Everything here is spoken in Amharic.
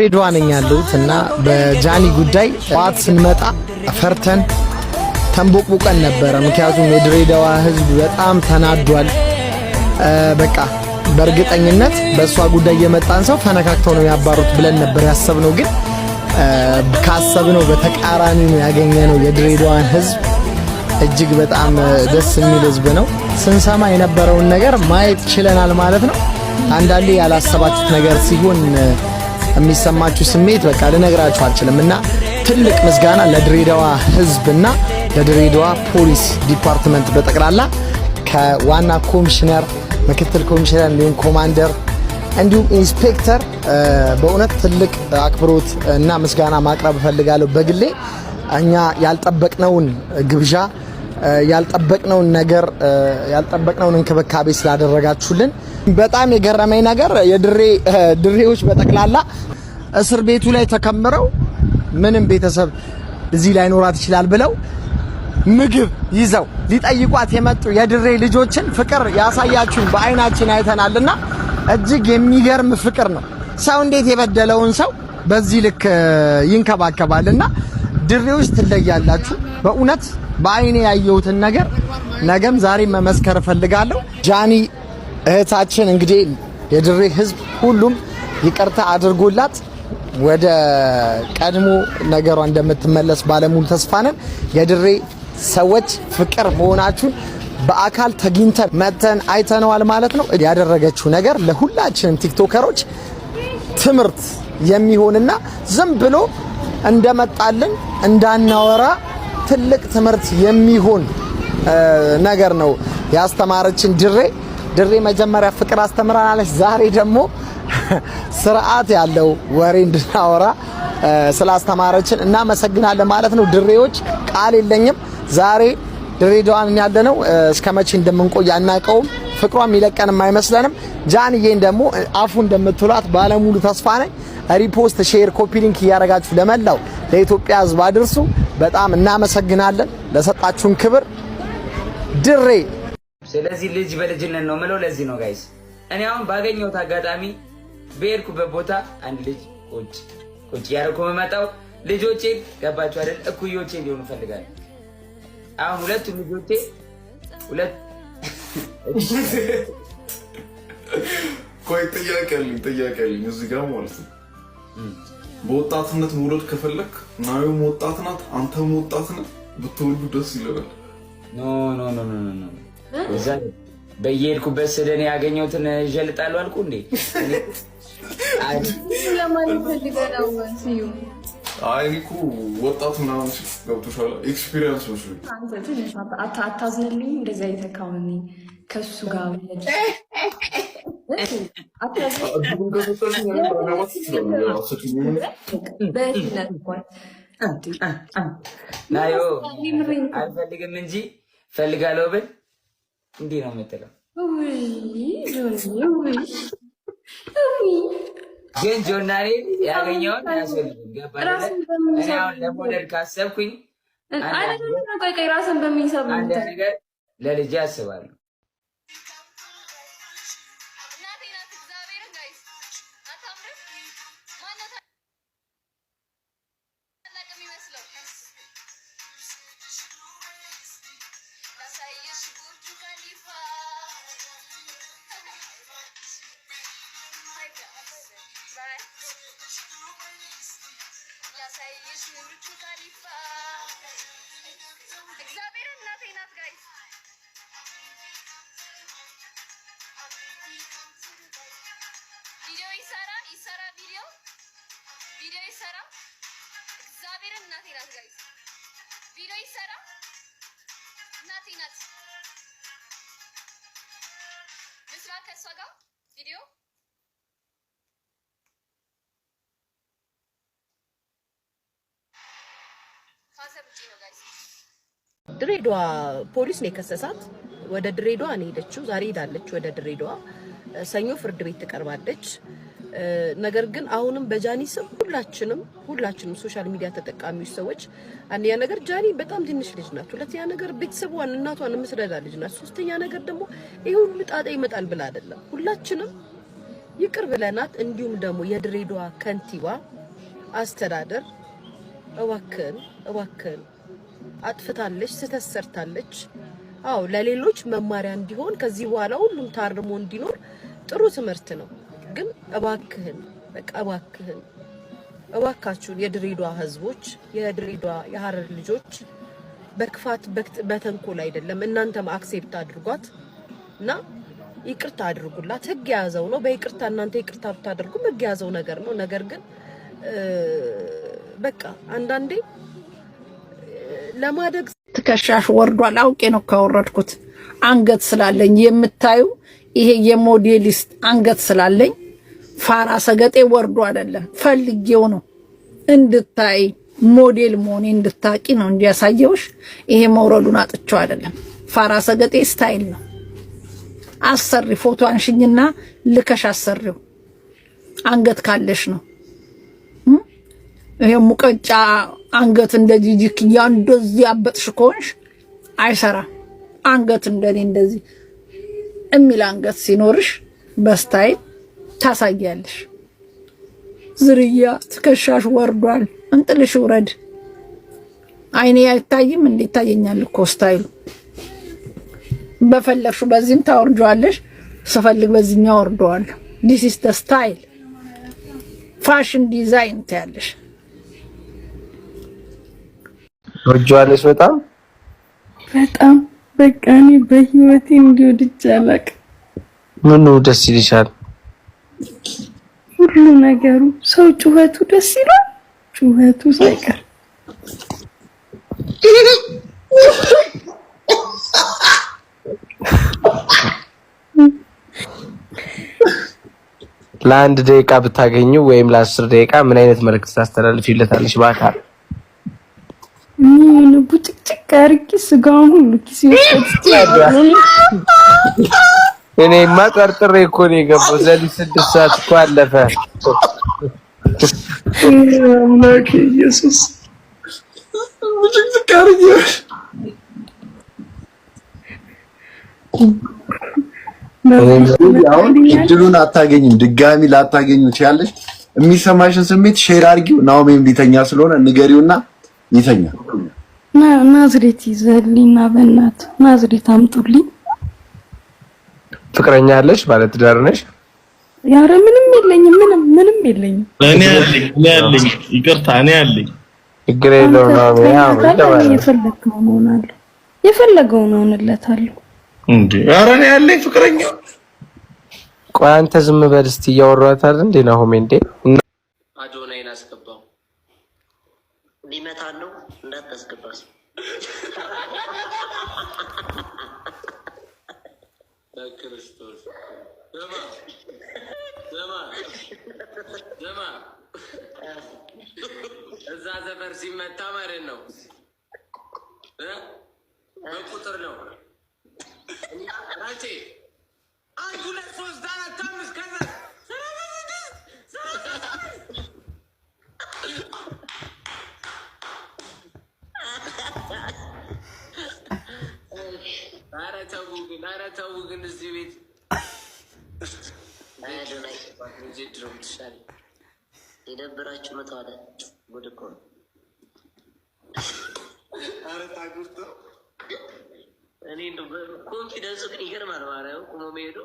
ድሬዳዋ ነኝ ያለሁት እና በጃኒ ጉዳይ ጠዋት ስንመጣ ፈርተን ተንቦቅቡቀን ነበረ። ምክንያቱም የድሬዳዋ ሕዝብ በጣም ተናዷል። በቃ በእርግጠኝነት በእሷ ጉዳይ የመጣን ሰው ፈነካክተው ነው ያባሩት ብለን ነበር ያሰብነው። ግን ካሰብነው በተቃራኒ ነው ያገኘነው። የድሬዳዋን ሕዝብ እጅግ በጣም ደስ የሚል ሕዝብ ነው። ስንሰማ የነበረውን ነገር ማየት ችለናል ማለት ነው። አንዳንዴ ያላሰባችሁት ነገር ሲሆን የሚሰማችሁ ስሜት በቃ ልነግራችሁ አልችልም። እና ትልቅ ምስጋና ለድሬዳዋ እና ለድሬዳዋ ፖሊስ ዲፓርትመንት በጠቅላላ ከዋና ኮሚሽነር፣ ምክትል ኮሚሽነር እንዲሁም ኮማንደር እንዲሁም ኢንስፔክተር በእውነት ትልቅ አክብሮት እና ምስጋና ማቅረብ እፈልጋለሁ። በግሌ እኛ ያልጠበቅነውን ግብዣ ያልጠበቅነውን ነገር ያልጠበቅነውን እንክብካቤ ስላደረጋችሁልን በጣም የገረመኝ ነገር የድሬ ድሬዎች በጠቅላላ እስር ቤቱ ላይ ተከምረው ምንም ቤተሰብ እዚህ ላይኖራት ይችላል ብለው ምግብ ይዘው ሊጠይቋት የመጡ የድሬ ልጆችን ፍቅር ያሳያችሁን በአይናችን አይተናልና እጅግ የሚገርም ፍቅር ነው። ሰው እንዴት የበደለውን ሰው በዚህ ልክ ይንከባከባልና ድሬዎች ትለያላችሁ በእውነት በአይኔ ያየሁትን ነገር ነገም ዛሬ መመስከር እፈልጋለሁ። ጃኒ እህታችን እንግዲህ የድሬ ህዝብ ሁሉም ይቅርታ አድርጎላት ወደ ቀድሞ ነገሯ እንደምትመለስ ባለሙሉ ተስፋ ነን። የድሬ ሰዎች ፍቅር መሆናችሁን በአካል ተግኝተን መተን አይተነዋል ማለት ነው። ያደረገችው ነገር ለሁላችንም ቲክቶከሮች ትምህርት የሚሆንና ዝም ብሎ እንደመጣልን እንዳናወራ ትልቅ ትምህርት የሚሆን ነገር ነው ያስተማረችን ድሬ ድሬ መጀመሪያ ፍቅር አስተምራናለች። ዛሬ ደግሞ ስርዓት ያለው ወሬ እንድናወራ ስላስተማረችን እናመሰግናለን ማለት ነው። ድሬዎች ቃል የለኝም። ዛሬ ድሬዳዋን ያለ ነው። እስከ መቼ እንደምንቆይ አናውቀውም። ፍቅሯ የሚለቀንም አይመስለንም። ጃንዬን ደግሞ አፉ እንደምትሏት ባለሙሉ ተስፋ ነኝ። ሪፖስት፣ ሼር፣ ኮፒ ሊንክ እያደረጋችሁ ለመላው ለኢትዮጵያ ሕዝብ አድርሱ። በጣም እናመሰግናለን ለሰጣችሁን ክብር ድሬ። ስለዚህ ልጅ በልጅነት ነው ምለው ለዚህ ነው ጋይስ። እኔ አሁን ባገኘሁት አጋጣሚ በሄድኩበት ቦታ አንድ ልጅ ቁጭ ቁጭ ያደረኩ የምመጣው ልጆቼ ገባችሁ አይደል? እኩዮቼ ሊሆኑ ፈልጋል። አሁን ሁለቱም ልጆቼ ሁለት ቆይ ጥያቄ አለኝ ጥያቄ አለኝ እዚህ ጋር ማለት ነው በወጣትነት መውለድ ከፈለክ ናዮም ወጣት ናት፣ አንተም ወጣት ነህ። ብትወልዱ ደስ ይለናል። በየሄድኩበት ስደን ያገኘሁትን ዠልጣሉ አልኩ እንዴ አይ እኔ እኮ ወጣት ምናምን ገብቶሻል። ኤክስፒሪየንስ መስሎኝ አታዝንልኝ እንደዚህ አይተካውኝ ከሱ ጋር አልፈልግም እንጂ ፈልጋለሁ ብል እንዲህ ነው የምትለው። ግን ጆናሬ ያገኘውን አያስፈልግም። ገባህ? እኔ ለሞደል ካሰብኩኝ አንድ ነገር ለልጄ አስባለሁ ካሊፋ እግዚአብሔር እናቴ ናት ጋይስ ቪዲዮ ይሰራ ይሰራ ቪዲዮ ቪዲዮ ይሰራ እግዚአብሔር እናቴ ናት ጋይስ ቪዲዮ ይሰራ እናቴ ናት ምስራ ከእሷ ጋር ቪዲዮ ድሬዷ ፖሊስ ነው የከሰሳት። ወደ ድሬዷ ነው ሄደችው። ዛሬ ሄዳለች ወደ ድሬዷ። ሰኞ ፍርድ ቤት ትቀርባለች። ነገር ግን አሁንም በጃኒ ስም ሁላችንም ሁላችንም ሶሻል ሚዲያ ተጠቃሚዎች ሰዎች፣ አንደኛ ነገር ጃኒ በጣም ትንሽ ልጅ ናት። ሁለተኛ ነገር ቤተሰቧን እናቷን የምትረዳ ልጅ ናት። ሶስተኛ ነገር ደግሞ ይህ ሁሉ ጣጣ ይመጣል ብላ አይደለም። ሁላችንም ይቅር ብለናት፣ እንዲሁም ደግሞ የድሬዳዋ ከንቲባ አስተዳደር እባክን እባክን አጥፍታለች፣ ስህተት ሰርታለች። አዎ ለሌሎች መማሪያ እንዲሆን ከዚህ በኋላ ሁሉም ታርሞ እንዲኖር ጥሩ ትምህርት ነው። ግን እባክህን በቃ እባክህን እባካችሁን የድሬዷ ህዝቦች፣ የድሬዷ የሀረር ልጆች በክፋት በተንኮል አይደለም። እናንተም አክሴፕት አድርጓት እና ይቅርታ አድርጉላት። ህግ የያዘው ነው። በይቅርታ እናንተ ይቅርታ ብታደርጉም ህግ የያዘው ነገር ነው። ነገር ግን በቃ አንዳንዴ ለማደግ ትከሻሽ ወርዷል። አውቄ ነው ካወረድኩት አንገት ስላለኝ የምታዩ ይሄ የሞዴሊስት አንገት ስላለኝ ፋራ ሰገጤ ወርዶ አይደለም ፈልጌው ነው እንድታይ ሞዴል መሆኔ እንድታቂ ነው እንዲያሳየውሽ። ይሄ መውረዱን አጥቼው አይደለም። ፋራ ሰገጤ ስታይል ነው። አሰሪ ፎቶ አንሽኝና ልከሽ አሰሪው አንገት ካለሽ ነው። ይሄ ሙቀጫ አንገት እንደዚህ ጂክያ እንደዚህ ያበጥሽ ከሆንሽ አይሰራም። አንገት እንደኔ እንደዚህ እሚል አንገት ሲኖርሽ በስታይል ታሳያለሽ። ዝርያ ትከሻሽ ወርዷል፣ እንጥልሽ ውረድ። አይኔ አይታይም እንዴ? ይታየኛል እኮ ስታይሉ። በፈለግሹ በዚህም ታወርጀዋለሽ፣ ስፈልግ በዚህኛው ወርደዋለሁ። ዲስ ኢስ ስታይል ፋሽን ዲዛይን ትያለሽ። ወጆአለሽ? በጣም በጣም በቃ እኔ በህይወቴ እንዲወድጅ አላውቅም። ምኑ ደስ ይልሻል? ሁሉ ነገሩ ሰው ጩኸቱ ደስ ይላል፣ ጩኸቱ ሳይቀር ለአንድ ደቂቃ ብታገኙ ወይም ለአስር ደቂቃ ምን አይነት መልእክት ታስተላልፊለታለሽ በአካል ምን ቡጭቅጭቅ አድርጌ ስጋውን ሁሉ ኪስ እኔማ ጠርጥሬ እኮ ነው የገባው። ዘሊት ስድስት ሰዓት እኮ አለፈ። አምላኬ ኢየሱስ ቡጭቅጭቅ አድርጌ አሁን እድሉን አታገኝም፣ ድጋሚ ላታገኙ ትችያለሽ። የሚሰማሽን ስሜት ሼር አድርጊው። ናውሜም ሊተኛ ስለሆነ ንገሪውና ይተኛ ናዝሬት ይዘልኝ በእናት ናዝሬት አምጡልኝ። ፍቅረኛ አለሽ? ባለ ነሽ? ያረ ምንም የለኝም፣ ምንም ምንም የለኝም። እኔ አለኝ እኔ አለኝ፣ ይቅርታ እኔ አለኝ። ችግር የለውም ነው የፈለግከው እሆናለሁ፣ የፈለገውን እሆንለታለሁ። እንዴ እኔ አለኝ ፍቅረኛ። ቆይ አንተ ዝም በል እያወራታል እንዴ ናሆሜ እንዴ ሊመታ ነው እንዳታስገባስ። በክርስቶስ ዘማ ዘማ ዘማ እዛ ዘፈር ሲመታ ማለት ነው በቁጥር ነው። አባት ልጅ ድረው ትሻል ጉድ እኮ ነው። ኧረ እኔ ኮንፊደንሱ ግን ይገርማል። ማርያም ቁሞ መሄዱ